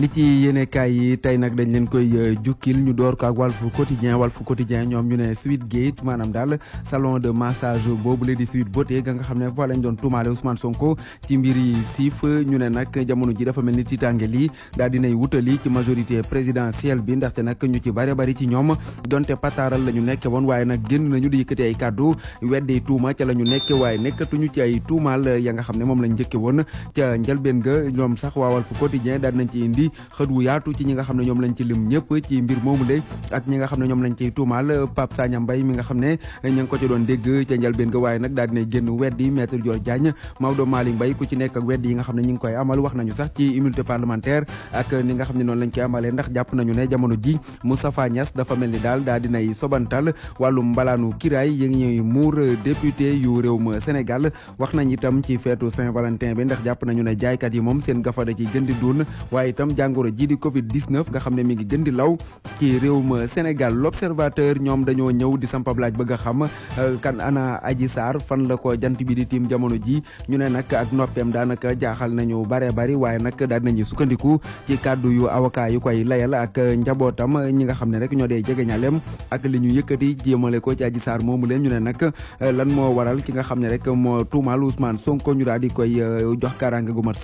li ci yéenekaay yi tey nag dañ leen koy euh, jukkil ñu door ko ak Walf Quotidien Walf Quotidien ñoom ñu ne Sweet Gate maanaam daal salon de massage boobu la di Sweet Beauté ga nga xam ne fa lañ doon tuumaale Ousmane Sonko ci mbir yi siif ne nag jamono ji dafa mel ni tiitaange lii daal dinay wutali ci majorité présidentielle bi ndaxte nag ñu ci bare bari ci ñoom donte pataaral la ñu nekke woon waaye nag génn nañu di yëkkati ay kàddu weddi tuuma ca la ñu nekke waaye nekkatuñu ci ay tuumaal ya nga xam ne moom lañ njëkke woon ca njëlbeen ga ñoom sax waa Walf Quotidien daal nañ ci indi ci xët wu yaatu ci ñi nga xam ne ñoom lañ ci lim ñëpp ci mbir moom le ak ñi nga xam ne ñoom lañ ciy tuumaal Pape Sagna Mbaye mi nga xam ne ña ngi ko ci doon dégg ca njëlbéen ga waaye nag daal dina génn weddi maître Dior Diagne Maodo Malick Mbaye ku ci nekk ak yi nga xam ne ñi ngi koy amal wax nañu sax ci immunité parlementaire ak ni xam ne noonu lañ koy amalee ndax jàpp nañu ne jamono ji Moustapha Niass dafa mel ni daal daal dinay sobantal wàllum mbalaanu kiraay yi ñuy muur député yu réew ma Sénégal wax nañ itam ci feetu Saint-Valentin bi ndax jàpp nañu ne jaaykat yi moom seen gafa da ci gën di duun waaye itam am jàngoro ji di Covid 19 nga xam ne mi ngi gën di law ci réewum Sénégal l'observateur ñoom dañoo ñëw di sampablaaj bëgg a xam euh, kan ana Adji saar fan la ko jant bi di tiim jamono ji ñu ne nag ak noppeem daanaka jaaxal nañu bare bari waaye nag daan nañu sukkandiku ci kaddu yu avocat yu koy layal ak njabootam ñi nga xam ne rek ñoo dee jege ñaleem ak li ñu yëkkati jéemale ko ci Adji saar moomu leen ñu ne nag euh, lan moo waral ki nga xam ne rek moo tuumaal Ousmane Sonko ñu daal di koy euh, jox kaaraange gu mat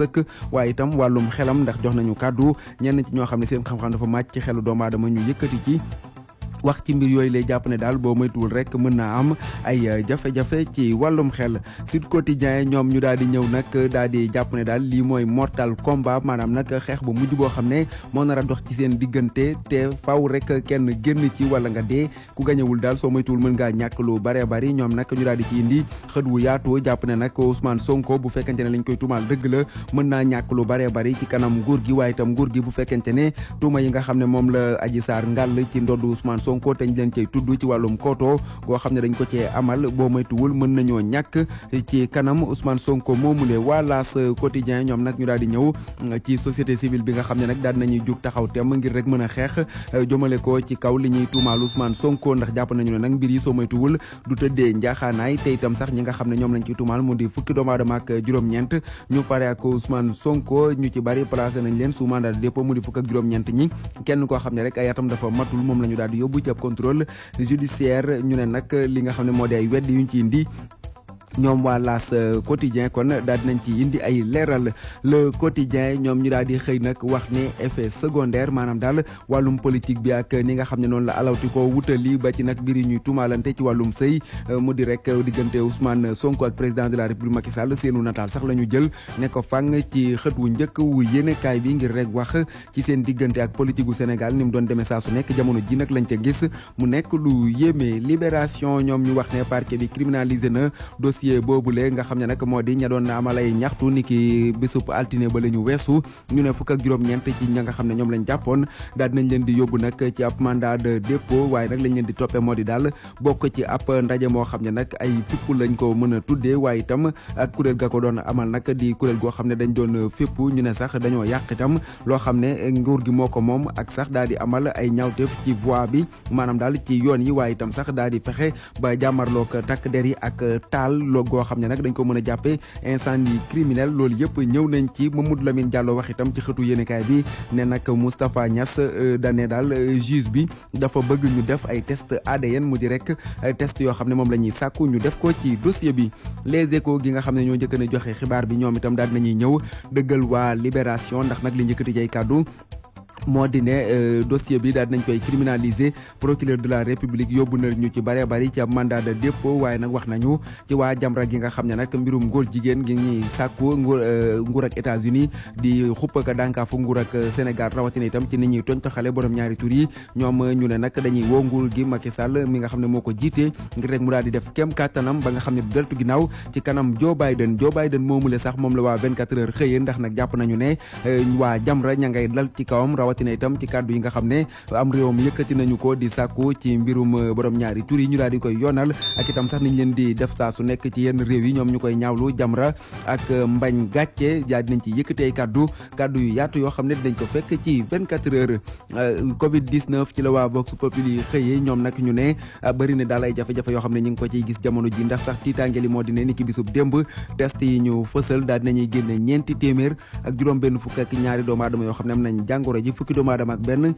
kàddu ñenn ñoo xam ne seen xam-xam dafa màcc ci xelu doomu aadama ñu yëkkati ci wax ci mbir yooyu lay jàpp ne daal boo moytuwul rek mën naa am ay euh, jafe-jafe ci wàllum xel Sud Quotidien ñoom ñu daal di ñëw nag daal di jàpp ne daal lii mooy mortal combat maanaam nag xeex bu mujj boo xam ne moo nar a dox ci seen diggante te faw rek kenn génn ci wala nga dee ku gañewul daal soo moytuwul mën ngaa ñàkk lu bari ñoom nag ñu daal di ci indi xët wu yaatu jàpp ne nag Ousmane Sonko bu fekkente ne lañ koy tuumaal dëgg la mën naa ñàkk lu bare bari ci kanam nguur gi waaye itam gi bu fekkente ne tuuma yi nga xam ne moom la Adji Sarr ngàll ci ndoddu Ousmane Sonko te ñu leen cay tudd ci wàllum kootoo goo xam ne dañ ko cee amal boo moytuwul mën nañoo ñàkk ci kanam Ousmane Sonko moomule waa L'As quotidien ñoom nag ñu daal di ñëw ci société civile bi nga xam ne nag daal nañuy jug taxaw temm ngir rek mën a xeex jëmale ko ci kaw li ñuy tuumaal Ousmane Sonko ndax jàpp nañu ne nag mbir yi soo moytuwul du tëddee njaaxaanaay te itam sax ñi nga xam ne ñoom lañ ci tuumaal mu di fukki doomu aadama ak juróom-ñeent ñu pare ak Ousmane Sonko ñu ci bari placé nañ leen sous mandat de dépôt mu di fukk ak juróom-ñeent ñi kenn koo xam ne rek ay atam dafa matul la ñu daal di yóbbu yóbbu ci ab contrôle judiciaire ñu ne nag li nga xam ne moo di ay wedd yu ñu ci ñoom waa L'As euh, quotidien kon daal di nañ ci indi ay leeral le quotidien ñoom ñu daal di xëy nag wax ni effet secondaire maanaam daal wàllum politique bi ak ni nga xam ne noonu la alawti ko wutali ba ci nag mbir yi ñuy tuumaalante ci wàllum sëy euh, mu di rek diggante Ousmane Sonko ak président de la République Macky Sall seenu nataal sax la ñu jël ne ko fang ci xët wu njëkk wu yéenekaay bi ngir rek wax ci seen diggante ak politique gu Sénégal ni mu doon demee saa su nekk jamono ji nag lañ ca gis mu nekk lu yéeme libération ñoom ñu wax ne parquet bi na dossier boobule nga xam ne nag moo di ña doon amalay ñaxtu ni ki altine ba la weesu ñu ne juróom-ñeent ci ña nga xam ne ñoom lañ jàppoon daal dinañ leen di yóbbu nag ci ab leen di toppee moo di daal bokk ci ab ndaje moo xam ne nag ay fipp lañ ko mën a tuddee waaye itam ak kuréel ga ko doon amal nag di kuréel goo xam ne dañ doon fipp ñu ne sax dañoo yàq itam loo xam ne nguur gi moo ko moom ak sax daal di amal ay ñaawteef ci voie bi daal ci yoon yi waaye sax daal fexe ba la goo xam ne nag dañ ko mën a jàppe incendie criminel loolu yëpp ñëw nañ ci Mamadou Lamine Diallo wax itam ci xëtu yéenekaay bi ne nag Moustapha Niass euh, dane daal euh, juge bi dafa bëgg ñu def ay test ADN mu di rek test yoo xam ne moom la ñuy sàkku ñu def ko ci dossier bi les échos gi nga xam ne ñoo njëkk a joxe xibaar bi ñoom itam daal nañuy ñëw dëggal waa libération ndax nag li njëkkati jay kàddu moo di ne euh, dossier bi daad nañ koy criminaliser procureur de la république yóbbu na ñu ci bare bari ci mandat de dépôt waaye nag wax nañu ci waa Jamra gi nga xam ne nag mbirum ngóor jigéen gi ñuy sàkku euh, nguur ak États-Unis di xupp ak dànkaafu nguur ak Sénégal rawatina itam ci nit ñuy toñ taxale borom ñaari tur yi ñoom ñu nag dañuy woo nguur gi Macky Sall mi nga xam ne moo ko jiite ngir rek mu daal di def kem kàttanam ba nga xam ne deltu ginnaaw ci kanam Joe Biden Joe Biden moomule sax moom la wa 24 heures xëyee ndax nag jàpp nañu ne euh, waa Jamra ña ngay dal ci kawam rawatina rawatina itam ci kàddu yi nga xam ne am réewam yëkkati nañu ko di sàkku ci mbirum euh, borom ñaari tur yi ñu daal di koy yoonal ak itam sax nañ leen di def saa su nekk ci yenn réew yi ñoom ñu koy ñaawlu jamra ak euh, mbañ gàcce yaa dinañ ci yëkkati ay kaddu kàddu yu yaatu yoo xam ne dinañ ko fekk ci 24 heures euh, covid 19 ci la waa Vox ñoom nag ñu ne bëri na daal ay jafe-jafe yoo xam ne ñu ngi ko ciy gis jamono ji ndax sax tiitaange li moo di ne ni ki bisub démb test yi ñu fësal daal dinañuy génne ñeenti téeméer ak juróom benn fukk ñaari doomu aadama yoo xam ne am nañ jàngoro ji fukki doomu aadama benn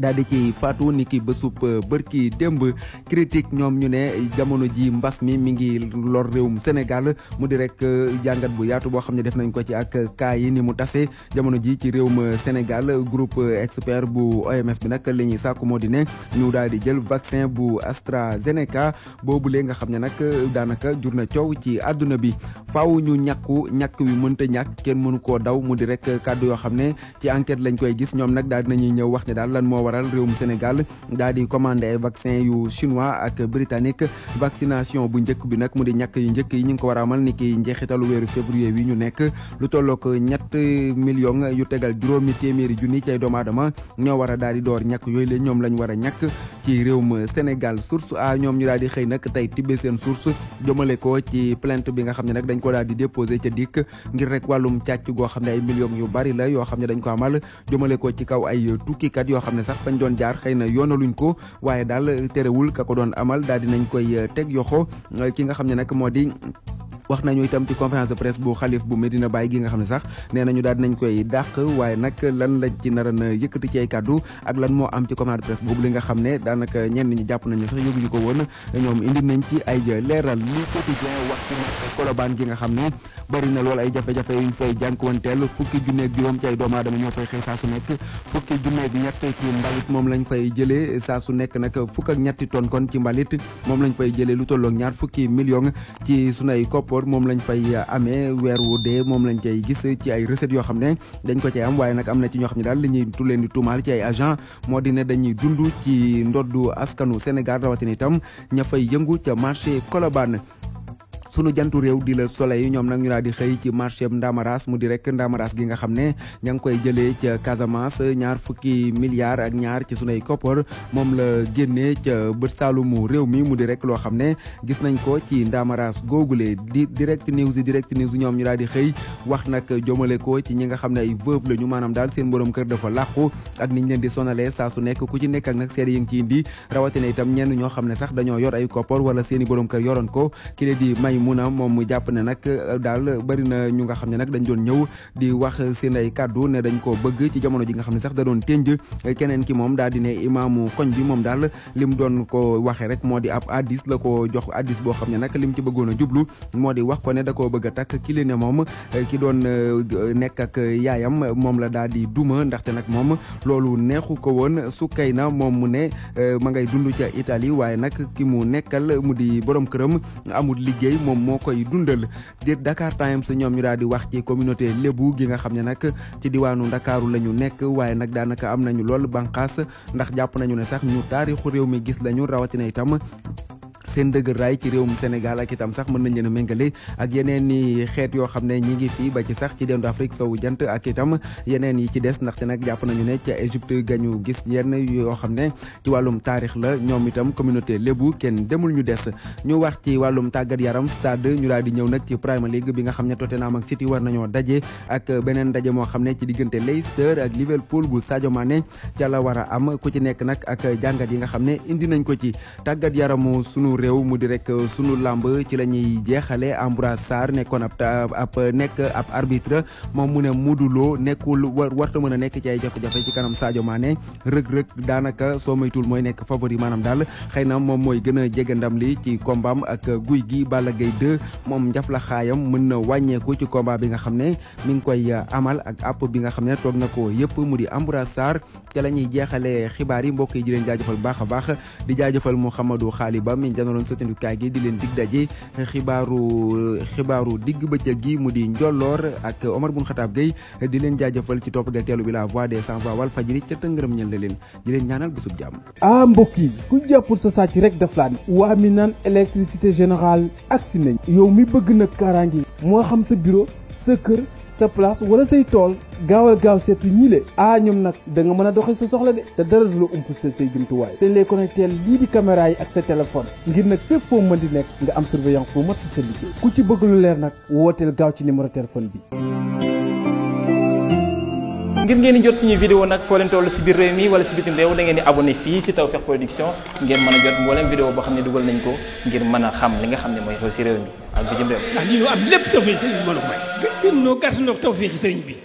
daal di ci faatu ni ki bésub euh, bërki démb critique ñoom ñu ne jamono ji mbas mi mi ngi lor réewum Sénégal mu di rek euh, jàngat bu yaatu boo xam ne def nañ ko ci ak cas yi ni mu tase jamono ji ci réewum euh, Sénégal groupe expert bu OMS bi nag li ñuy sàkku moo di ne ñu daal di jël vaccin bu astra AstraZeneca boobulee nga xam ne nag daanaka jur na coow ci àdduna bi faaw ñu ñàkku ñàkk wi mënta ñàkk kenn mënu koo daw mu di rek kàddu yoo xam ne ci enquête lañ koy gis ñoom nag daal dinañuy ñëw wax ne daal lan waral réewum Sénégal daal di ay vaccin yu chinois ak britannique vaccination bu njëkk bi nag mu di ñàkk yu njëkk yi ñu ko war a amal ni ki njeexitalu weeru février wi ñu nekk lu tollook ñett million yu tegal juróomi téeméeri junni cay doomu aadama ñoo war a daal di door ñàkk yooyu la ñoom lañ war a ñàkk ci réewum Sénégal source a ñoom ñu daal di xëy nag tey tibbee seen source jëmale ko ci plainte bi nga xam ne nag dañ ko daal di déposé ca dikk ngir rek wàllum càcc goo xam sax fañ doon jaar xëy na yoonaluñ ko waaye daal terewul ka ko doon amal daal dinañ koy eh, teg yoxo eh, ki nga xam ne nag moo di wax nañu itam ci conférence de presse bu xalif bu Medina Baye gi nga xam ne sax nee nañu daal dinañ koy dàq waaye nag lan lañ ci naran yëkkati ci ay kàddu ak lan moo am ci conférence de presse boobu li nga xam ne daanaka ñenn ñi jàpp nañu sax yëguñu ko woon ñoom indi nañ ci ay leeral lu quotidien wax gi nga xam ne bari na lool ay jafe-jafe yuñ fay jànkuwanteel fukki junneeg juróom ci ay doomu aadama ñoo fay xëy saa su nekk fukki junneeg ñett ci mbalit moom lañ jëlee saa su nekk nag fukk ak ñetti tonn kon ci mbalit moom lañ fay jëlee lu tolloog ñaar fukki million ci sunay kopp rapport moom lañ fay amee weer wu de moom lañ cay gis ci ay recettes yoo xam ne dañ ko cay am waaye nag am na ci ñoo xam ne daal li ñuy leen di tuumaal ci ay agent moo di dañuy dund ci ndoddu askanu Sénégal rawatina itam ña fay yëngu ca marché Colobane sunu jantu réew di la soleil ñoom nag ñu daal di xëy ci marché Ndamaras mu direk rek gi nga xam ne ña ngi koy jëlee ca Casamance ñaar fukki milliards ak ñaar ci sunay koppar moom la génnee ca bët saalumu réew mi mu di rek loo xam ne gis nañ ko ci Ndamaras googule di direct news direct news ñoom ñu daal di xëy wax nag jomale ko ci ñi nga xam ne ay veuve lañu ñu maanaam daal seen borom kër dafa làqu ak niñ leen di sonalee saa su nekk ku ci nekk ak nag seede yi ngi ci indi rawatina itam ñenn ñoo xam ne sax dañoo yor ay koppar wala seen i yoroon ko Muna moom mu jàpp ne nag euh, daal bëri na ñu nga xam ne nag dañ doon ñëw di wax si ay kàddu ne dañ koo bëgg ci jamono ji nga xam ne sax da doon tënj keneen ki moom daal di ne imaamu koñ bi moom daal lim doon ko waxee rek moo di ab addis la ko jox addis boo xam ne nag lim ci bëggoon a jublu moo di wax ko ne da koo bëgg a takk ne moom euh, ki doon euh, nekk ak yaayam moom la daal di duma ndaxte nag moom loolu neexu ko woon Sukayna moom mu ne ma ngay dund ca Italie waaye nag ki mu nekkal mu di borom këram amul moo koy dundal di Dakar Times ñoom ñu daal di wax ci communauté léebu gi nga xam ne nag ci diwaanu ndakaaru la ñu nekk waaye nag daanaka am nañu lool banqaas ndax jàpp nañu ne sax ñu taarixu réew mi gis lañu rawatina itam seen dëgër raay ci réewum Sénégal ak itam sax mën nañ leen a ak yeneen i xeet yoo xam ne ñi ngi fii ba ci sax ci dendu Afrique sowu jant ak itam yeneen yi ci des ndaxte nag jàpp nañu ne ca Égypte gañu gis yenn yoo xam ne ci wàllum taarix la ñoom itam communauté lébu kenn demul ñu des ñu wax ci wàllum tàggat yaram stade ñu daal di ñëw nag ci Premier League bi nga xam ne Tottenham ak City war nañoo daje ak beneen daje moo xam ne ci diggante Leicester ak Liverpool bu Sadio Mané ca la war a am ku ci nekk nag ak jàngat yi nga xam ne indi nañ ko ci réew mu di rek euh, sunu lamb ci la ñuy jeexale Ambroise Sarr nekkoon ab ab nekk ab arbitre moom mu ne Modou Lo nekkul warta mën a nekk ci ay jafe-jafe ci kanam Sadio Mané rëg-rëg daanaka soo moytul mooy nekk favori maanam daal xëy na moom mooy gën a jege ndam li ci kombam ak guy gi bala gay 2 moom njafla mën na wàññeeku ci combat bi nga xam ne mi ngi koy euh, amal ak app bi nga xam ne toog na ko yëpp mu di Ambroise Sarr ci la ñuy jeexale xibaar yi mbokk yi di leen baax a baax di jaajëfal doonoon sëtandukaay gi di leen dig daje xibaaru xibaaru digg bëccëg gi mu di njolloor ak Omar Bun Xataab Gueye di leen jaajëfal ci topp gel teelu bi la voix des sans voix wal fajiri ca tëngërëm leen di leen ñaanal bésub jàmm ah mbokk yi ku jàppul sa sàcc rek daf laa laan waa mi naan électricité générale si nañ yow mi bëgg nag kaaraange moo xam sa bureau sa kër sa place wala say tool gaawal gaaw seetlu ñii le ah, ñoom nag da nga mën a doxe si soxla de te dara du la ump sa say jumtuwaay te ñu lay connecté lii di caméra yi ak sa téléphone ngir nag fépp foo mën di nekk nga am surveillance bu mat si sa liggéey ku ci bëgg lu leer nag wooteel gaaw ci numéro téléphone bi ngir ngeen di jot suñu vidéo nag foo leen toll si biir réew mi wala si bitim réew da ngeen di abonné fii si Tawfekh Production ngeen mën a jot mboolem vidéo boo xam ne dugal nañ ko ngir mën a xam li nga xam ne mooy xew si réew mi ak bitim réew. ndax ah, lii ñu am lépp Tawfekh sëriñ bi mën a may. gën noo bi.